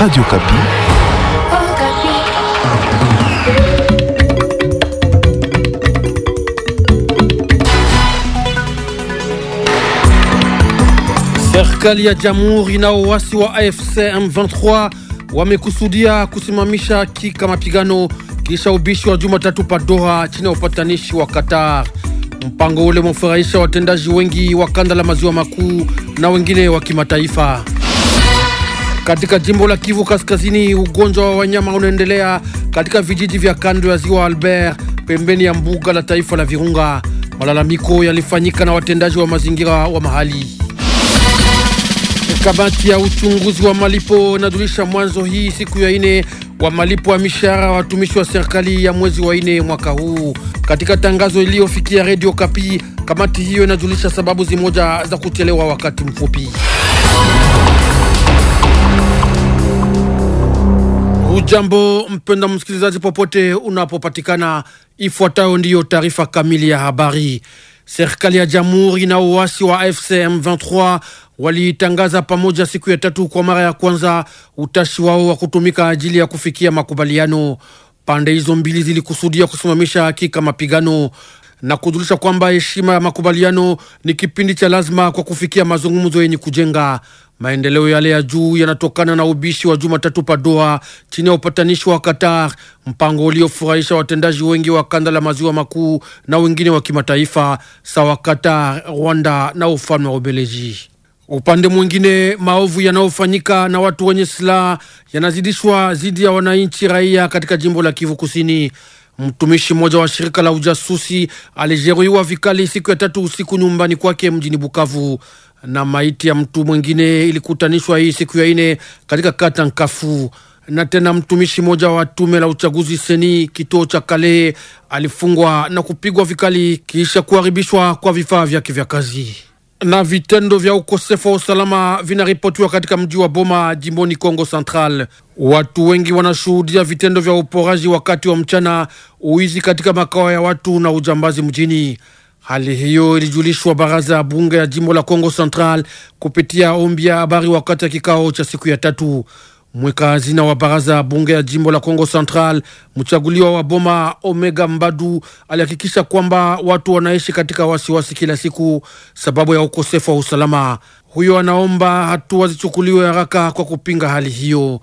Radio Kapi. Serikali ya Jamhuri na waasi wa AFC M23 wamekusudia kusimamisha kika mapigano kisha ubishi wa Jumatatu pa Doha chini ya upatanishi wa Qatar. Mpango ule mfurahisha watendaji wengi wa kanda la maziwa makuu na wengine wa kimataifa. Katika jimbo la Kivu Kaskazini, ugonjwa wa wanyama unaendelea katika vijiji vya kando ya ziwa Albert, pembeni ya mbuga la taifa la Virunga. Malalamiko yalifanyika na watendaji wa mazingira wa mahali. Kamati ya uchunguzi wa malipo inajulisha mwanzo hii siku ya ine wa malipo ya mishahara watumishi wa serikali ya mwezi wa ine mwaka huu. Katika tangazo iliyofikia Radio Kapi, kamati hiyo inajulisha sababu zimoja za kuchelewa wakati mfupi. Ujambo mpenda msikilizaji, popote unapopatikana, ifuatayo ndiyo taarifa kamili ya habari. Serikali ya jamhuri na uasi wa AFC M23 waliitangaza pamoja siku ya tatu kwa mara ya kwanza utashi wao wa kutumika ajili ya kufikia makubaliano. Pande hizo mbili zilikusudia kusimamisha hakika mapigano na kujulisha kwamba heshima ya makubaliano ni kipindi cha lazima kwa kufikia mazungumzo yenye kujenga. Maendeleo yale ya juu yanatokana na ubishi wa Jumatatu Padoa chini ya upatanishi wa Qatar, mpango uliofurahisha watendaji wengi wa kanda la maziwa makuu na wengine wa kimataifa sawa Qatar, Rwanda na ufalme wa Ubeleji. Upande mwingine, maovu yanayofanyika na watu wenye silaha yanazidishwa dhidi ya wananchi raia katika jimbo la Kivu Kusini. Mtumishi mmoja wa shirika la ujasusi alijeruhiwa vikali siku ya tatu usiku nyumbani kwake mjini Bukavu na maiti ya mtu mwingine ilikutanishwa hii siku ya ine katika kata Nkafu. Na tena mtumishi mmoja wa tume la uchaguzi seni kituo cha Kale alifungwa na kupigwa vikali kisha kuharibishwa kwa vifaa vyake vya kazi. Na vitendo vya ukosefu wa usalama vinaripotiwa katika mji wa Boma jimboni Kongo Central. Watu wengi wanashuhudia vitendo vya uporaji wakati wa mchana, uizi katika makao ya watu na ujambazi mjini. Hali hiyo ilijulishwa baraza ya bunge ya jimbo la Kongo Central kupitia ombi ya habari wakati ya kikao cha siku ya tatu. Mweka hazina wa baraza ya bunge ya jimbo la Kongo Central, mchaguliwa wa Boma Omega Mbadu, alihakikisha kwamba watu wanaishi katika wasiwasi wasi kila siku sababu ya ukosefu wa usalama. Huyo anaomba hatua zichukuliwe haraka kwa kupinga hali hiyo.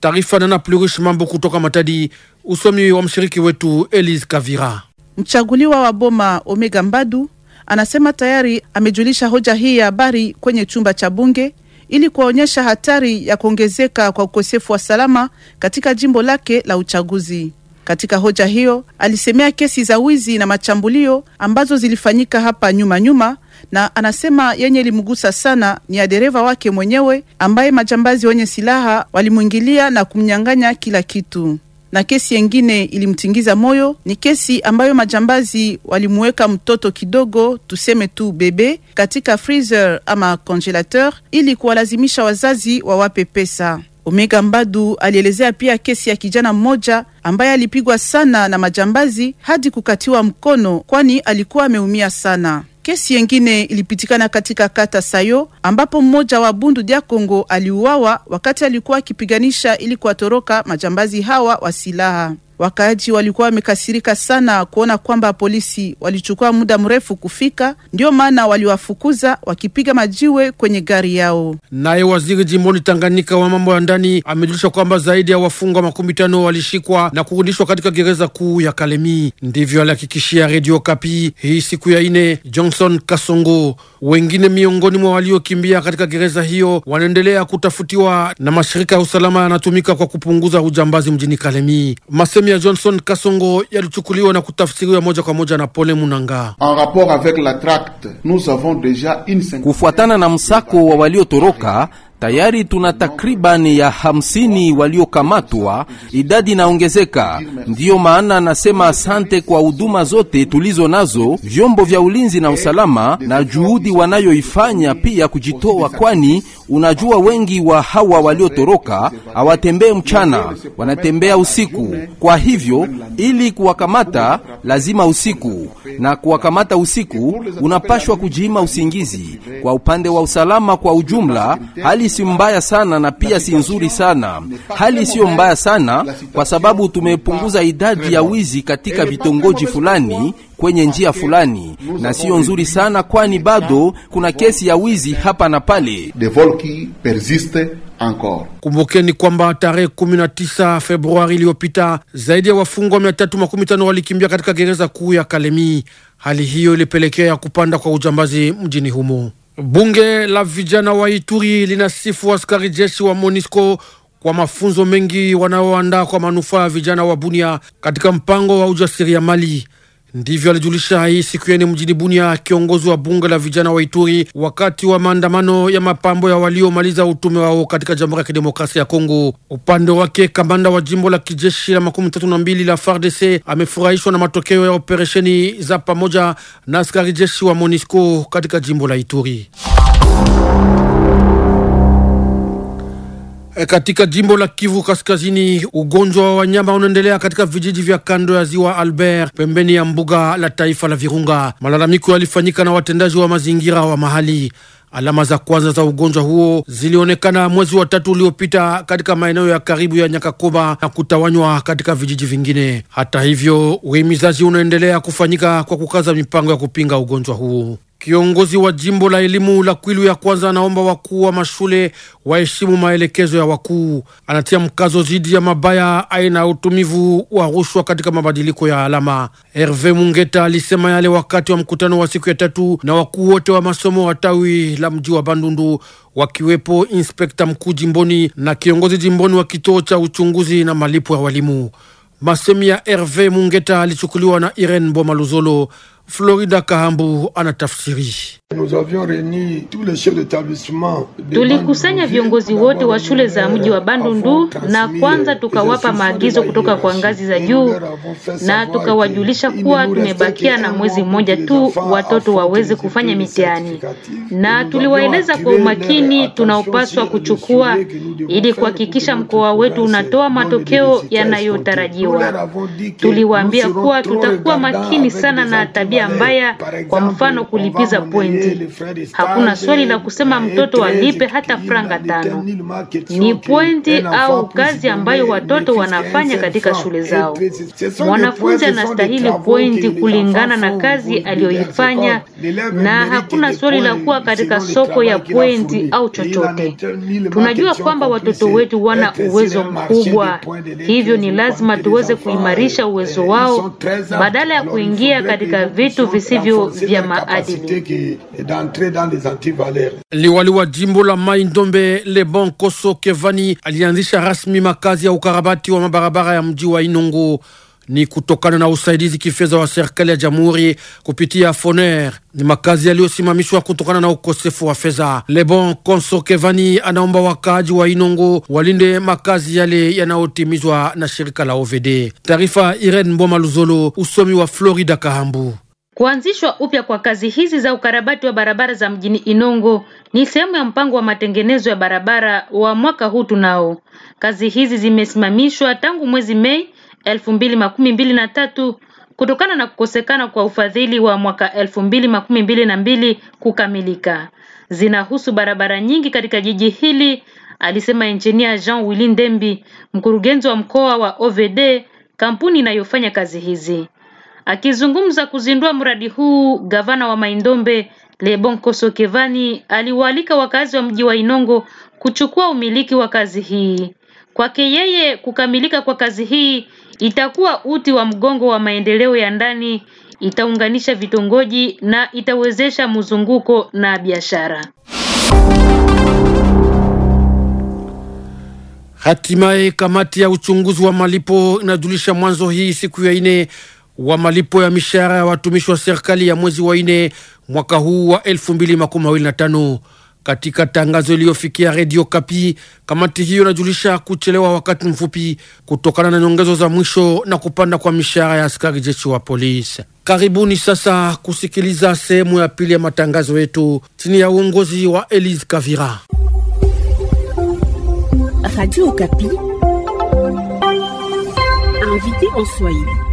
Taarifa Nana Plurish Mambo kutoka Matadi, usomi wa mshiriki wetu Elise Kavira. Mchaguliwa wa Boma Omega Mbadu anasema tayari amejulisha hoja hii ya habari kwenye chumba cha bunge ili kuwaonyesha hatari ya kuongezeka kwa ukosefu wa salama katika jimbo lake la uchaguzi. Katika hoja hiyo alisemea kesi za wizi na machambulio ambazo zilifanyika hapa nyuma nyuma, na anasema yenye ilimgusa sana ni ya dereva wake mwenyewe ambaye majambazi wenye silaha walimwingilia na kumnyang'anya kila kitu na kesi yengine ilimtingiza moyo ni kesi ambayo majambazi walimuweka mtoto kidogo, tuseme tu bebe, katika freezer ama congelateur ili kuwalazimisha wazazi wawape pesa. Omega Mbadu alielezea pia kesi ya kijana mmoja ambaye alipigwa sana na majambazi hadi kukatiwa mkono, kwani alikuwa ameumia sana. Kesi yengine ilipitikana katika kata Sayo ambapo mmoja wa Bundu dia Kongo aliuawa wakati alikuwa akipiganisha ili kuwatoroka majambazi hawa wa silaha. Wakaaji walikuwa wamekasirika sana kuona kwamba polisi walichukua muda mrefu kufika, ndiyo maana waliwafukuza wakipiga majiwe kwenye gari yao. Naye waziri jimboni Tanganyika wa mambo ya ndani amejulisha kwamba zaidi ya wafungwa makumi tano walishikwa na kurudishwa katika gereza kuu ya Kalemi. Ndivyo alihakikishia Redio Kapi hii siku ya ine Johnson Kasongo. Wengine miongoni mwa waliokimbia katika gereza hiyo wanaendelea kutafutiwa na mashirika ya usalama yanatumika kwa kupunguza ujambazi mjini Kalemi Masemi ya Johnson Kasongo yalichukuliwa na kutafsiriwa moja kwa moja na Pole Munanga. En rapport avec la nous avons déjà une cinquantaine. Kufuatana na msako wa waliotoroka tayari tuna takribani ya hamsini waliokamatwa, idadi inaongezeka. Ndiyo maana nasema asante kwa huduma zote tulizo nazo vyombo vya ulinzi na usalama na juhudi wanayoifanya pia kujitoa, kwani Unajua, wengi wa hawa waliotoroka hawatembee mchana, wanatembea usiku. Kwa hivyo ili kuwakamata lazima usiku, na kuwakamata usiku unapashwa kujiima usingizi. Kwa upande wa usalama kwa ujumla, hali si mbaya sana na pia si nzuri sana. Hali siyo mbaya sana kwa sababu tumepunguza idadi ya wizi katika vitongoji fulani kwenye njia fulani, na siyo nzuri sana, kwani bado kuna kesi ya wizi hapa na pale. Kumbukeni kwamba tarehe 19 Februari iliyopita zaidi ya wafungwa 315 walikimbia katika gereza kuu ya Kalemi. Hali hiyo ilipelekea ya kupanda kwa ujambazi mjini humo. Bunge la vijana wa Ituri linasifu askari jeshi wa MONUSCO kwa mafunzo mengi wanaoandaa kwa manufaa ya vijana wa Bunia katika mpango wa ujasiriamali. Ndivyo alijulisha hii siku yene mjini Bunia kiongozi wa bunge la vijana wa Ituri wakati wa maandamano ya mapambo ya waliomaliza utume wao katika Jamhuri ya Kidemokrasia ya Kongo. Upande wake, kamanda wa jimbo la kijeshi la makumi tatu na mbili la FARDC amefurahishwa na matokeo ya operesheni za pamoja na askari jeshi wa MONUSCO katika jimbo la Ituri. E, katika jimbo la Kivu Kaskazini, ugonjwa wa wanyama unaendelea katika vijiji vya kando ya ziwa Albert pembeni ya mbuga la taifa la Virunga. Malalamiko yalifanyika na watendaji wa mazingira wa mahali. Alama za kwanza za ugonjwa huo zilionekana mwezi wa tatu uliopita katika maeneo ya karibu ya Nyakakoba na kutawanywa katika vijiji vingine. Hata hivyo, uhimizaji unaendelea kufanyika kwa kukaza mipango ya kupinga ugonjwa huo. Kiongozi wa jimbo la elimu la Kwilu ya kwanza anaomba wakuu wa mashule waheshimu maelekezo ya wakuu. Anatia mkazo dhidi ya mabaya aina ya utumivu wa rushwa katika mabadiliko ya alama. Herve Mungeta alisema yale wakati wa mkutano wa siku ya tatu na wakuu wote wa masomo wa tawi la mji wa Bandundu, wakiwepo inspekta mkuu jimboni na kiongozi jimboni wa kituo cha uchunguzi na malipo ya walimu. Masemi ya Herve Mungeta alichukuliwa na Irene Bomaluzolo. Florida Kahambu anatafsiri. Tulikusanya viongozi wote wa shule za mji wa Bandundu na kwanza tukawapa maagizo kutoka kwa ngazi za juu, na tukawajulisha kuwa tumebakia na mwezi mmoja tu watoto waweze kufanya mitihani, na tuliwaeleza kwa umakini tunaopaswa kuchukua ili kuhakikisha mkoa wetu unatoa matokeo yanayotarajiwa. Tuliwaambia kuwa tutakuwa makini sana na tabia tabia mbaya, kwa mfano kulipiza pointi. Hakuna swali la kusema mtoto alipe hata franga tano. Ni pointi au kazi ambayo watoto wanafanya katika shule zao. Mwanafunzi anastahili pointi kulingana na kazi aliyoifanya, na hakuna swali la kuwa katika soko ya pointi au chochote. Tunajua kwamba watoto wetu wana uwezo mkubwa, hivyo ni lazima tuweze kuimarisha uwezo eh, wao badala ya kuingia katika vita vitu visivyo vya maadili. Liwali wa jimbo la Mai Ndombe Lebon Koso Kevani alianzisha rasmi makazi ya ukarabati wa mabarabara ya mji wa Inongo ni kutokana na usaidizi kifedha wa serikali ya jamhuri kupitia Foner. Ni makazi yaliyosimamishwa kutokana na ukosefu wa fedha. Lebon Konso Kevani anaomba wakaaji wa Inongo walinde makazi yale yanayotimizwa na shirika la OVD. Taarifa Irene Mboma Luzolo, usomi wa Florida Kahambu. Kuanzishwa upya kwa kazi hizi za ukarabati wa barabara za mjini Inongo ni sehemu ya mpango wa matengenezo ya barabara wa mwaka huu tunao. Kazi hizi zimesimamishwa tangu mwezi Mei 2023 kutokana na kukosekana kwa ufadhili wa mwaka 2022 na mbili kukamilika. Zinahusu barabara nyingi katika jiji hili, alisema Engineer Jean Willy Ndembi, mkurugenzi wa mkoa wa OVD, kampuni inayofanya kazi hizi. Akizungumza kuzindua mradi huu, gavana wa Maindombe lebon kosokevani aliwaalika wakazi wa mji wa Inongo kuchukua umiliki wa kazi hii. Kwake yeye, kukamilika kwa kazi hii itakuwa uti wa mgongo wa maendeleo ya ndani, itaunganisha vitongoji na itawezesha mzunguko na biashara. Hatimaye kamati ya uchunguzi wa malipo inajulisha mwanzo hii siku ya ine wa malipo ya mishahara ya watumishi wa serikali ya mwezi wa nne mwaka huu wa 2025. Katika tangazo iliyofikia redio Kapi, kamati hiyo inajulisha kuchelewa wakati mfupi kutokana na nyongezo za mwisho na kupanda kwa mishahara ya askari jeshi wa polisi. Karibuni sasa kusikiliza sehemu ya pili ya matangazo yetu chini ya uongozi wa Elise Kavira. Radio Kapi invité en Swahili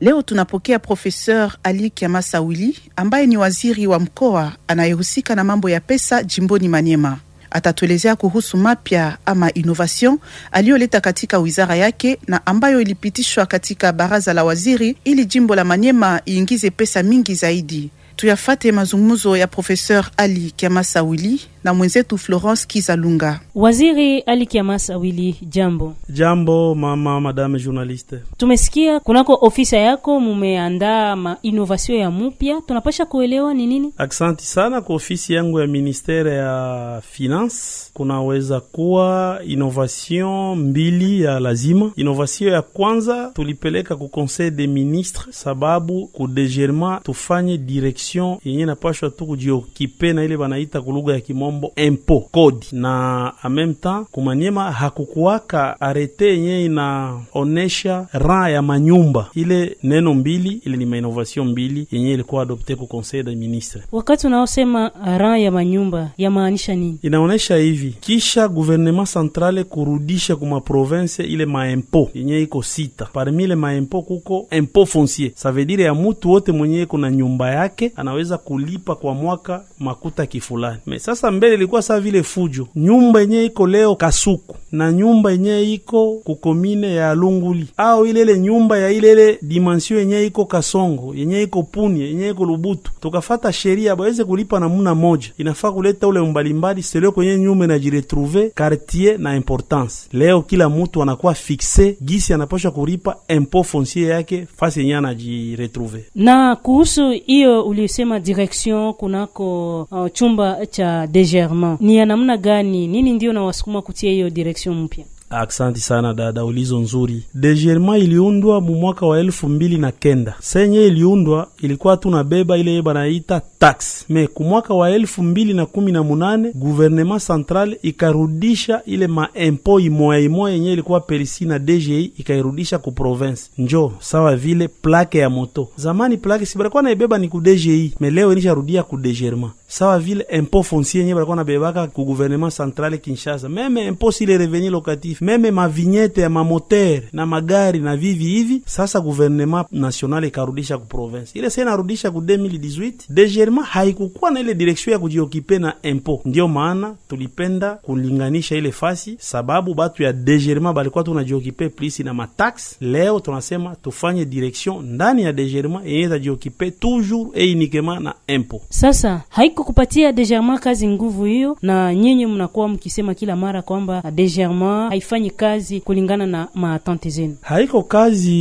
Leo tunapokea Profeseur Ali Kiamasawili ambaye ni waziri wa mkoa anayehusika na mambo ya pesa jimboni Manyema. Atatuelezea kuhusu mapya ama innovation aliyoleta katika wizara yake na ambayo ilipitishwa katika baraza la waziri ili jimbo la Manyema iingize pesa mingi zaidi tuyafate mazungumzo ya Professeur Ali Kiamasa Wili na mwenzetu Florence Kizalunga. Waziri Ali Kiamasa Wili, jambo. Jambo mama, madame journaliste. Tumesikia kunako ofisa yako mumeandaa mainovasio ya mupya, tunapasha kuelewa ni nini? Aksanti sana kwa ofisi yangu ya ministere ya finance, kunaweza kuwa inovatio mbili ya lazima. inovatio ya kwanza tulipeleka ku conseil des ministres, sababu kudegerema tufanye direction section yenye napashwa tu kujiokipe na ile banaita kuluga ya kimombo impo kodi, na en même temps kumanyema hakukuwaka arete yenye inaonesha ran ya manyumba. Ile neno mbili ile ni mainovation mbili yenye ilikuwa adopte ku conseil des ministres. Wakati unaosema ra ya manyumba maanisha nini? Inaonesha hivi kisha gouvernement centrale kurudisha kuma province ile maimpo yenye iko sita, parmi le maimpo kuko impo foncier, ça veut dire ya mutu wote mwenye kuna na nyumba yake anaweza kulipa kwa mwaka makuta kifulani. Me sasa mbele ilikuwa saa vile fujo, nyumba yenyewe iko leo Kasuku na nyumba yenyewe iko kukomine ya Lunguli au ilele nyumba ya ilele dimension yenyewe iko Kasongo yenyewe iko Punie yenyewe iko Lubutu, tukafata sheria baweze kulipa namuna moja, inafaa kuleta ule mbalimbali selio kwenye nyumba inajiretruve quartier na importance. Leo kila mutu anakuwa fixe gisi anaposha kulipa impo foncier yake fasi yenyewe anajiretruve na kuhusu hiyo uli ulisema direction kunako uh, chumba cha degerement ni ya namna gani? Nini ndio nawasukuma kutia hiyo direction mpya? Aksanti sana dada, ulizo nzuri. Degerma iliundwa mu mwaka wa elfu mbili na kenda senye iliundwa ilikuwa tunabeba ile banaita tax me. Ku mwaka wa elfu mbili na kumi na munane guvernema central ikarudisha ile maimpo imoya imoya yenye ilikuwa perisi na DGI ikairudisha ku province, njo sawa vile plake ya moto. Zamani plake si na naibeba ni ku DGI, me leo inisharudia ku Degerma sawa vile impo foncier nye balikuwa nabebaka ku gouvernement central Kinshasa, meme impo sile le revenu locatif, meme mavinyete ya mamotere na magari na vivi hivi. Sasa gouvernement national ikarudisha ku province ile, sasa inarudisha ku 2018 degerement haikukuwa na ile direction ya kujiokipe na impo. Ndio maana tulipenda kulinganisha ile fasi, sababu batu ya degerement balikuwa tunajiokipe plisi na matax. Leo tunasema tufanye direction ndani ya degerement yenye tajiokipe toujours et uniquement na impo. Sasa haiku iko kupatia Degerma kazi nguvu hiyo, na nyinyi mnakuwa mkisema kila mara kwamba Degerma haifanyi kazi kulingana na maatante zenu. Haiko kazi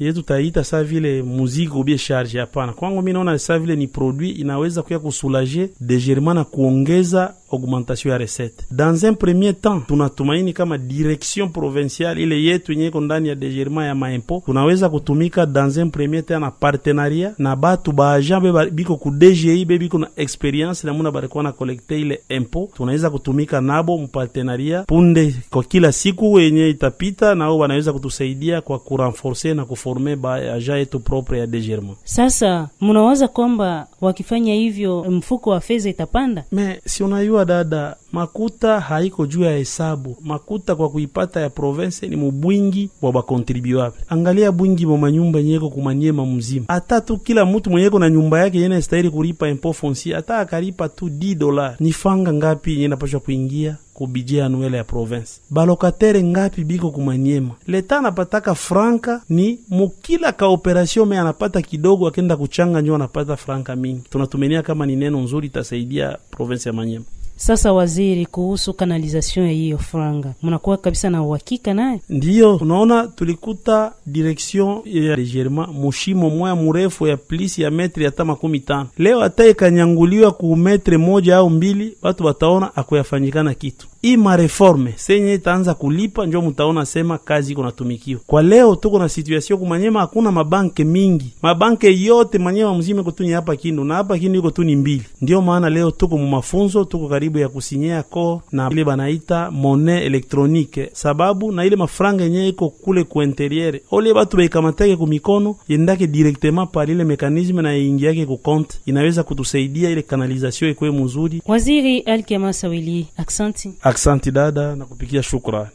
yetu taita sa vile muziki ubie charge, hapana. Kwangu mimi naona sa vile ni produit inaweza kuya kusulaje Degerma na kuongeza augmentation ya recette. Dans un premier temps, tunatumaini kama direction provinciale ile yetu nyeko ndani ya degerema ya maimpo tunaweza kutumika dans un premier temps na partenaria na batu baagent be biko ku DGI be biko na experience namuna balikuwa na kolekte ile impo, tunaweza kutumika nabo mupartenaria punde kwa kila siku yenye itapita, nao wanaweza kutusaidia kwa kurenforce na kuforme baagent yetu propre ya degerema. Sasa mnawaza kwamba wakifanya hivyo mfuko wa fedha itapanda? Me, si unaiwa Unajua dada, makuta haiko juu ya hesabu. Makuta kwa kuipata ya province ni mubwingi wa bakontribuable. Angalia bwingi bwa manyumba nyeko kumanyema mzima, hata tu kila mutu mwenyeko na nyumba yake yena stahili kulipa impo fonsi, hata akalipa tu 10 dola, ni fanga ngapi yenapashwa kuingia kubije anuele ya province? Balokatere ngapi biko kumanyema? Leta anapataka franka ni mukila ka kaoperasyon, me anapata kidogo, akenda kuchanga nyo anapata franka mingi. Tunatumenia kama ni neno nzuri, itasaidia province ya Manyema. Sasa waziri, kuhusu kanalizasyon ya hiyo franga, mnakuwa kabisa na uhakika naye? Ndiyo, unaona tulikuta direction ya legerema mushimo moya murefu ya plisi ya metri hata makumi tano leo hata ikanyanguliwa ku metri moja au mbili, batu bataona akuyafanyikana kitu hii mareforme senye itaanza kulipa, njo mutaona sema kazi iko natumikiwa. Kwa leo tuko na situasio kumanyema, hakuna mabanke mingi, mabanke yote manyema mzima iko tuni hapa Kindu na hapa Kindu iko tuni mbili. Ndio maana leo tuko mumafunzo tuko karibu ya kusinyea ko na ile banaita mone elektronike, sababu na ile mafranga yenye iko kule ku interiere ole batu baikamatake ku mikono yendake direktema par ile mekanisme na yake ku compte, inaweza kutusaidia ile kanalizasio ikuwe mzuri. Waziri Elkemasa aksanti. Aksanti dada, na kupikia shukrani.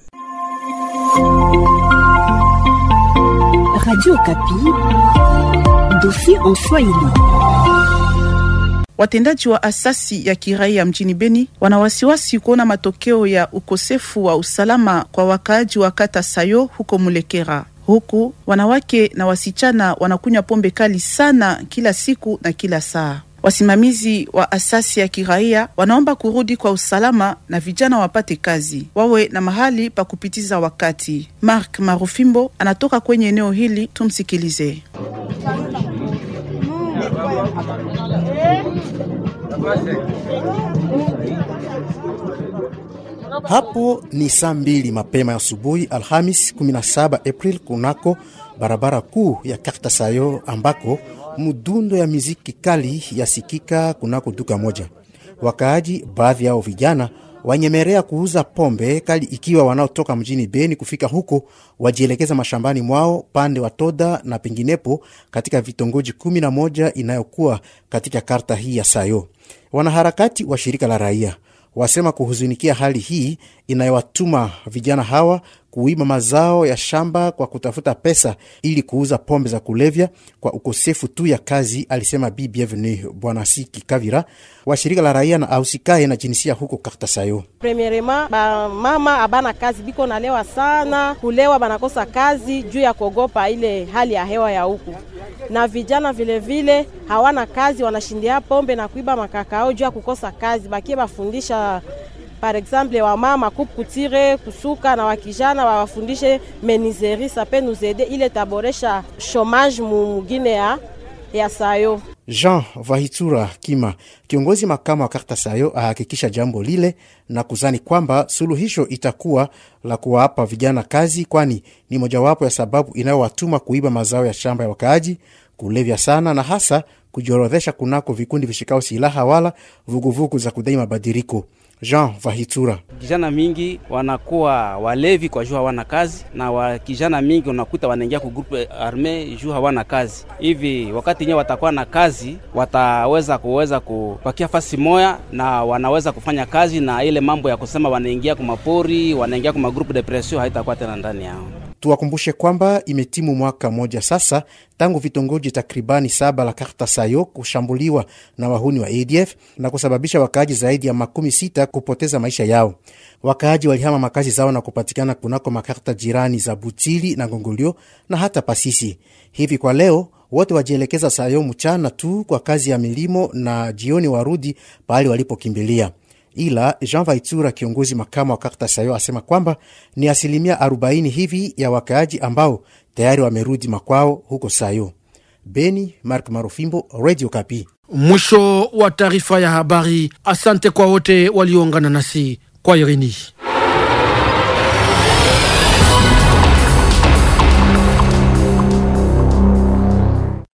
Radio Kapi, dossier en Swahili. Watendaji wa asasi ya kiraia mjini Beni wana wasiwasi kuona matokeo ya ukosefu wa usalama kwa wakaaji wa kata Sayo huko Mulekera. Huku wanawake na wasichana wanakunywa pombe kali sana kila siku na kila saa. Wasimamizi wa asasi ya kiraia wanaomba kurudi kwa usalama na vijana wapate kazi, wawe na mahali pa kupitiza wakati. Mark Marufimbo anatoka kwenye eneo hili, tumsikilize. Hapo ni saa mbili mapema ya asubuhi Alhamis 17 April kunako barabara kuu ya Karta Sayo ambako Mudundo ya miziki kali yasikika kunako duka moja. Wakaaji baadhi yao vijana wanyemerea kuuza pombe kali, ikiwa wanaotoka mjini Beni kufika huko wajielekeza mashambani mwao pande wa Toda na penginepo katika vitongoji kumi na moja inayokuwa katika karta hii ya Sayo. Wanaharakati wa shirika la raia wasema kuhuzunikia hali hii inayowatuma vijana hawa kuiba mazao ya shamba kwa kutafuta pesa ili kuuza pombe za kulevya kwa ukosefu tu ya kazi, alisema Bi Bienvenue Bwana Siki Kavira wa shirika la raia na ausikae na jinsia huko Kartasayo. Premierema, ba mama abana kazi biko nalewa sana kulewa, banakosa kazi juu ya kuogopa ile hali ya hewa ya huku, na vijana vilevile vile, hawana kazi wanashindia pombe na kuiba makakao juu ya kukosa kazi, bakie bafundisha par exemple wamama coupe kutire kusuka na wakijana wawafundishe menizeri sape nuzede ile taboresha chomage mumugine ya, ya sayo. Jean Vahitura Kima, kiongozi makamu wa karta Sayo, ahakikisha jambo lile na kuzani kwamba suluhisho itakuwa la kuwapa vijana kazi, kwani ni mojawapo ya sababu inayowatuma kuiba mazao ya shamba ya wakaaji, kulevya sana na hasa kujiorodhesha kunako vikundi vishikao silaha wala vuguvugu za kudai mabadiliko. Jean Vahitura. Kijana mingi wanakuwa walevi kwa juu hawana kazi, na wa kijana mingi unakuta wanaingia ku grupe arme juu hawana kazi. Hivi wakati nyewe watakuwa na kazi, wataweza kuweza kupakia fasi moya na wanaweza kufanya kazi, na ile mambo ya kusema wanaingia kumapori, wanaingia kumagrupu depresio haitakuwa tena ndani yao. Tuwakumbushe kwamba imetimu mwaka mmoja sasa tangu vitongoji takribani saba la karta Sayo kushambuliwa na wahuni wa ADF na kusababisha wakaaji zaidi ya makumi sita kupoteza maisha yao. Wakaaji walihama makazi zao na kupatikana kunako makarta jirani za Butili na Ngongolio na hata Pasisi. Hivi kwa leo wote wajielekeza Sayo mchana tu kwa kazi ya milimo na jioni warudi pahali walipokimbilia ila Jean Vaitura, kiongozi makamu wa karta sayo, asema kwamba ni asilimia 40 hivi ya wakaaji ambao tayari wamerudi makwao huko Sayo. Beni, Mark Marofimbo, Radio Kapi. Mwisho wa taarifa ya habari. Asante kwa wote walioungana nasi kwa Irini.